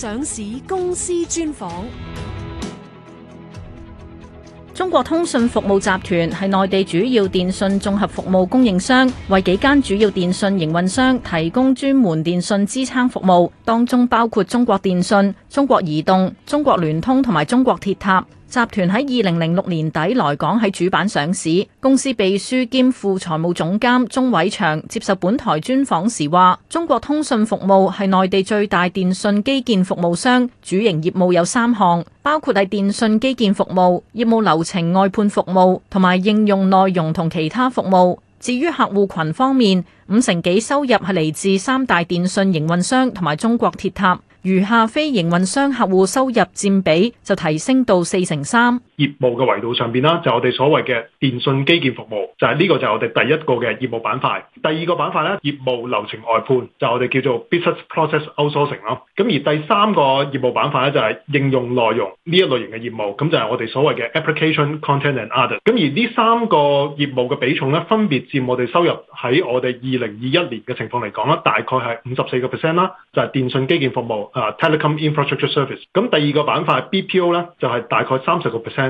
上市公司專訪：中國通信服務集團係內地主要電信綜合服務供應商，為幾間主要電信營運商提供專門電信支撐服務，當中包括中國電信、中國移動、中國聯通同埋中國鐵塔。集團喺二零零六年底來港喺主板上市。公司秘書兼副財務總監鍾偉祥接受本台專訪時話，中國通訊服務係內地最大電訊基建服務商，主營業務有三項，包括係電訊基建服務、業務流程外判服務同埋應用內容同其他服務。至於客戶群方面，五成幾收入係嚟自三大電訊營運商同埋中國鐵塔。餘下非營運商客戶收入佔比就提升到四成三。業務嘅維度上邊啦，就係、我哋所謂嘅電信基建服務，就係、係、呢個就係我哋第一個嘅業務板塊，第二個板塊咧，業務流程外判，就係、我哋叫做 business process outsourcing 咯。咁而第三個業務板塊咧，就係、係、應用內容呢一類型嘅業務，咁就係、係、我哋所謂嘅 application content and other。咁而呢三個業務嘅比重咧，分別佔我哋收入喺我哋二零二一年嘅情況嚟講啦，大概係五十四個 percent 啦，就係、係、電信基建服務，啊，telecom infrastructure service。咁第二個板塊 BPO 咧，PO，就係大概三十個 percent。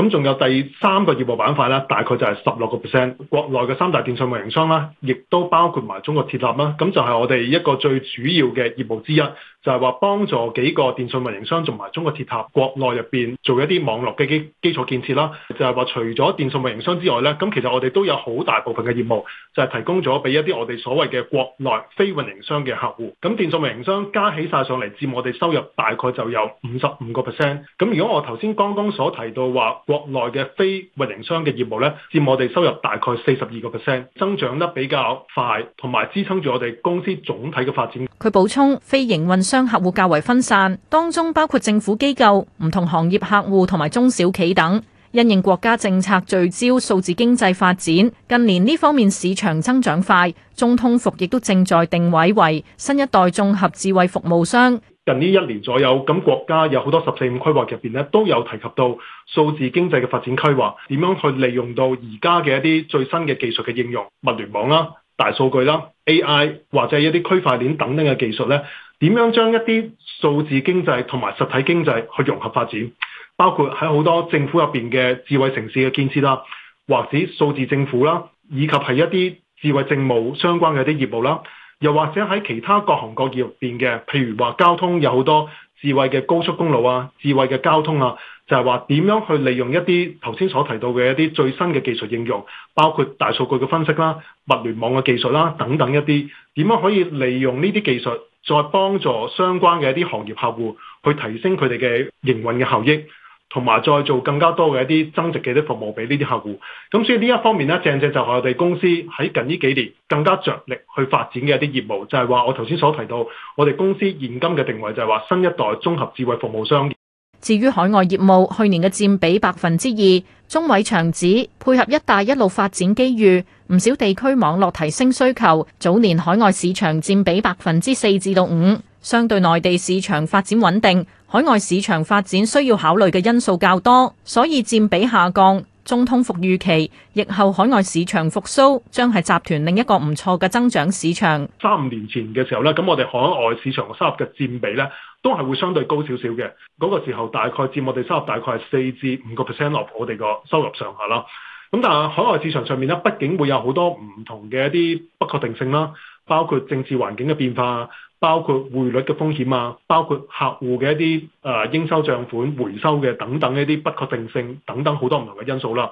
咁仲有第三個業務板塊咧，大概就係十六個 percent。國內嘅三大電信運營商啦，亦都包括埋中國鐵塔啦。咁就係我哋一個最主要嘅業務之一，就係話幫助幾個電信運營商，同埋中國鐵塔國內入邊做一啲網絡嘅基基礎建設啦。就係話除咗電信運營商之外咧，咁其實我哋都有好大部分嘅業務就係提供咗俾一啲我哋所謂嘅國內非運營商嘅客戶。咁電信運營商加起晒上嚟，佔我哋收入大概就有五十五個 percent。咁如果我頭先剛剛所提到話，國內嘅非運營商嘅業務咧，佔我哋收入大概四十二個 percent，增長得比較快，同埋支撐住我哋公司總體嘅發展。佢補充，非營運商客戶較為分散，當中包括政府機構、唔同行業客戶同埋中小企等。因應國家政策聚焦數字經濟發展，近年呢方面市場增長快，中通服亦都正在定位為新一代綜合智慧服務商。近呢一年左右，咁國家有好多十四五規劃入邊咧，都有提及到數字經濟嘅發展規劃，點樣去利用到而家嘅一啲最新嘅技術嘅應用，物聯網啦、大數據啦、AI 或者一啲區塊鏈等等嘅技術咧，點樣將一啲數字經濟同埋實體經濟去融合發展，包括喺好多政府入邊嘅智慧城市嘅建設啦，或者數字政府啦，以及係一啲智慧政務相關嘅一啲業務啦。又或者喺其他各行各業入邊嘅，譬如話交通有好多智慧嘅高速公路啊、智慧嘅交通啊，就係話點樣去利用一啲頭先所提到嘅一啲最新嘅技術應用，包括大數據嘅分析啦、物聯網嘅技術啦等等一啲，點樣可以利用呢啲技術，再幫助相關嘅一啲行業客戶去提升佢哋嘅營運嘅效益。同埋再做更加多嘅一啲增值嘅一啲服務俾呢啲客戶，咁所以呢一方面呢正正就係我哋公司喺近呢幾年更加着力去發展嘅一啲業務，就係話我頭先所提到，我哋公司現今嘅定位就係話新一代綜合智慧服務商。至於海外業務，去年嘅佔比百分之二，鍾偉祥指配合一帶一路發展機遇，唔少地區網絡提升需求，早年海外市場佔比百分之四至到五，相對內地市場發展穩定。海外市場發展需要考慮嘅因素較多，所以佔比下降。中通服預期疫後海外市場復甦，將係集團另一個唔錯嘅增長市場。三五年前嘅時候咧，咁我哋海外市場嘅收入嘅佔比咧，都係會相對高少少嘅。嗰個時候大概佔我哋收入大概係四至五個 percent of 我哋個收入上下啦。咁但係海外市場上面咧，畢竟會有好多唔同嘅一啲不確定性啦。包括政治環境嘅變化，包括匯率嘅風險啊，包括客戶嘅一啲誒、呃、應收帳款回收嘅等等一啲不確定性等等好多唔同嘅因素啦。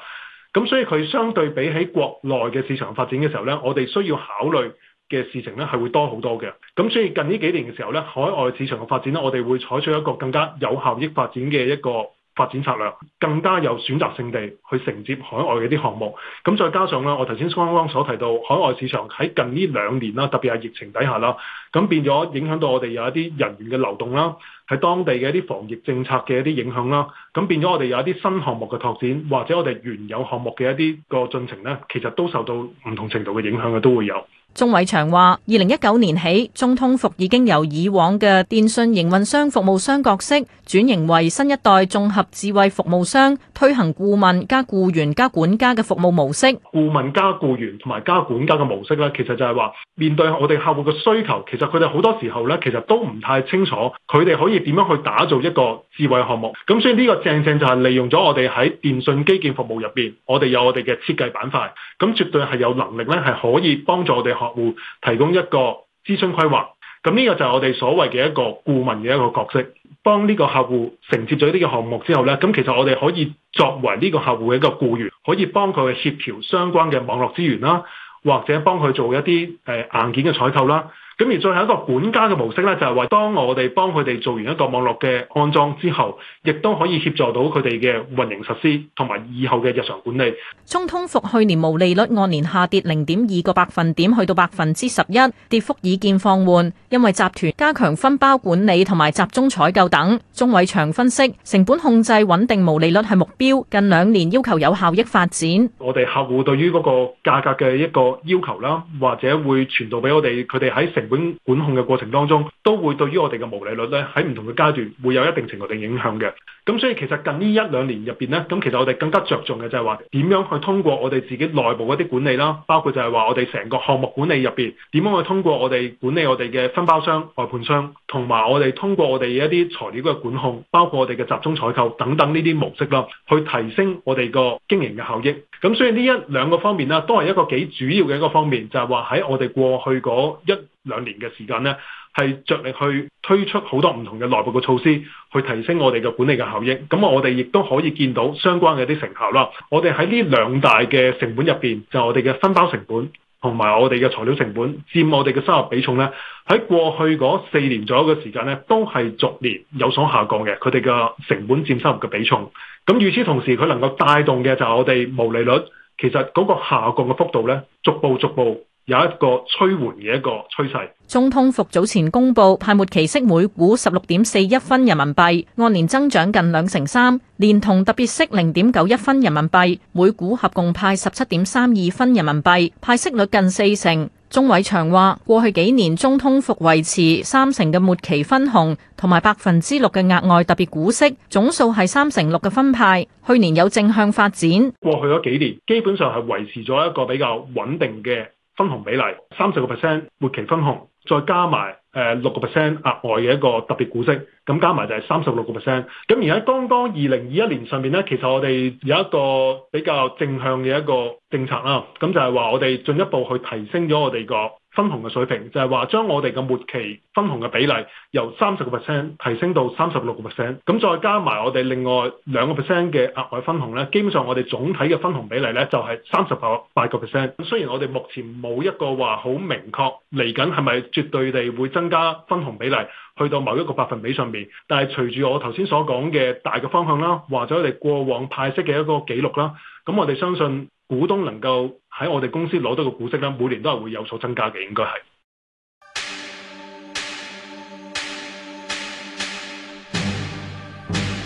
咁所以佢相對比起國內嘅市場發展嘅時候咧，我哋需要考慮嘅事情咧係會多好多嘅。咁所以近呢幾年嘅時候咧，海外市場嘅發展咧，我哋會採取一個更加有效益發展嘅一個。發展策略更加有選擇性地去承接海外嘅一啲項目，咁再加上啦，我頭先剛剛所提到海外市場喺近呢兩年啦，特別係疫情底下啦，咁變咗影響到我哋有一啲人員嘅流動啦，喺當地嘅一啲防疫政策嘅一啲影響啦，咁變咗我哋有一啲新項目嘅拓展，或者我哋原有項目嘅一啲個進程咧，其實都受到唔同程度嘅影響嘅都會有。鍾偉祥話，二零一九年起，中通服已經由以往嘅電信營運商服務商角色，轉型為新一代綜合智慧服務商，推行顧問加僱員加管家嘅服務模式。顧問加僱員同埋加管家嘅模式咧，其實就係話面對我哋客戶嘅需求，其實佢哋好多時候咧，其實都唔太清楚佢哋可以點樣去打造一個智慧項目。咁所以呢個正正就係利用咗我哋喺電信基建服務入邊，我哋有我哋嘅設計板塊，咁絕對係有能力咧，係可以幫助我哋。客戶提供一個諮詢規劃，咁呢個就係我哋所謂嘅一個顧問嘅一個角色。幫呢個客戶承接咗呢個項目之後咧，咁其實我哋可以作為呢個客戶嘅一個僱員，可以幫佢協調相關嘅網絡資源啦，或者幫佢做一啲誒硬件嘅採購啦。咁而最後一個管家嘅模式咧，就係話當我哋幫佢哋做完一個網絡嘅安裝之後，亦都可以協助到佢哋嘅運營實施同埋以後嘅日常管理。中通服去年毛利率按年下跌零點二個百分點，去到百分之十一，跌幅已見放緩，因為集團加強分包管理同埋集中採購等。鍾偉祥分析，成本控制穩定毛利率係目標，近兩年要求有效益發展。我哋客戶對於嗰個價格嘅一個要求啦，或者會傳導俾我哋，佢哋喺成管管控嘅過程當中，都會對於我哋嘅毛利率咧，喺唔同嘅階段會有一定程度嘅影響嘅。咁所以其實近呢一兩年入邊咧，咁其實我哋更加着重嘅就係話點樣去通過我哋自己內部嗰啲管理啦，包括就係話我哋成個項目管理入邊點樣去通過我哋管理我哋嘅分包商、外判商，同埋我哋通過我哋一啲材料嘅管控，包括我哋嘅集中採購等等呢啲模式啦，去提升我哋個經營嘅效益。咁所以呢一兩個方面啦，都係一個幾主要嘅一個方面，就係話喺我哋過去嗰一兩年嘅時間咧，係着力去推出好多唔同嘅內部嘅措施，去提升我哋嘅管理嘅效。咁我哋亦都可以見到相關嘅一啲成效啦。我哋喺呢兩大嘅成本入邊，就係我哋嘅分包成本同埋我哋嘅材料成本，佔我哋嘅收入比重咧，喺過去嗰四年左右嘅時間咧，都係逐年有所下降嘅。佢哋嘅成本佔收入嘅比重，咁與此同時，佢能夠帶動嘅就係我哋毛利率，其實嗰個下降嘅幅度咧，逐步逐步。有一個催緩嘅一個趨勢。中通服早前公布派末期息每股十六點四一分人民幣，按年增長近兩成三，連同特別息零點九一分人民幣，每股合共派十七點三二分人民幣，派息率近四成。鍾偉祥話：過去幾年中通服維持三成嘅末期分紅同埋百分之六嘅額外特別股息，總數係三成六嘅分派。去年有正向發展。過去嗰幾年基本上係維持咗一個比較穩定嘅。分紅比例三十個 percent，活期分紅，再加埋誒六個 percent 額外嘅一個特別股息，咁加埋就係三十六個 percent。咁而家當當二零二一年上面咧，其實我哋有一個比較正向嘅一個政策啦，咁就係話我哋進一步去提升咗我哋個。分紅嘅水平就係話將我哋嘅末期分紅嘅比例由三十個 percent 提升到三十六個 percent，咁再加埋我哋另外兩個 percent 嘅額外分紅咧，基本上我哋總體嘅分紅比例咧就係三十八個 percent。雖然我哋目前冇一個話好明確嚟緊係咪絕對地會增加分紅比例去到某一個百分比上面，但係隨住我頭先所講嘅大嘅方向啦，或者我哋過往派息嘅一個記錄啦，咁我哋相信。股東能夠喺我哋公司攞到嘅股息呢，每年都係會有所增加嘅，應該係。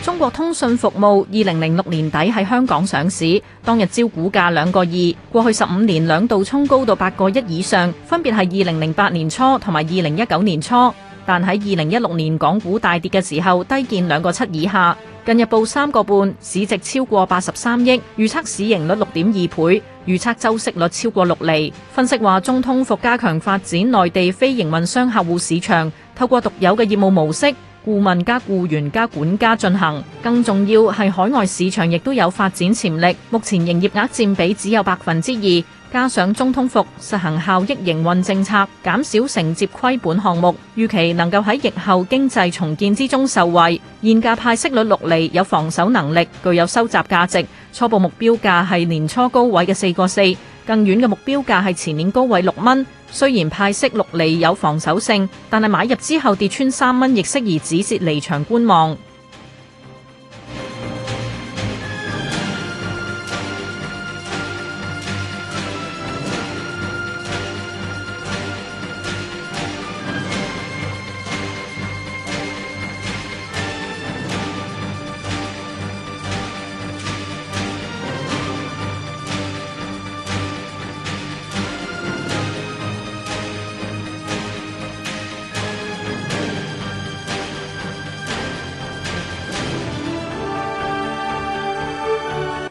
中國通信服務二零零六年底喺香港上市，當日招股價兩個二，過去十五年兩度衝高到八個一以上，分別係二零零八年初同埋二零一九年初，但喺二零一六年港股大跌嘅時候，低見兩個七以下。近日報三個半，市值超過八十三億，預測市盈率六點二倍，預測周息率超過六厘。分析話，中通服加強發展內地非營運商客戶市場，透過獨有嘅業務模式，顧問加僱員加管家進行。更重要係海外市場亦都有發展潛力，目前營業額佔比只有百分之二。加上中通服實行效益營運政策，減少承接虧本項目，預期能夠喺疫後經濟重建之中受惠。現價派息率六厘，有防守能力，具有收集價值。初步目標價係年初高位嘅四個四，更遠嘅目標價係前年高位六蚊。雖然派息六厘有防守性，但係買入之後跌穿三蚊，亦適宜止蝕離場觀望。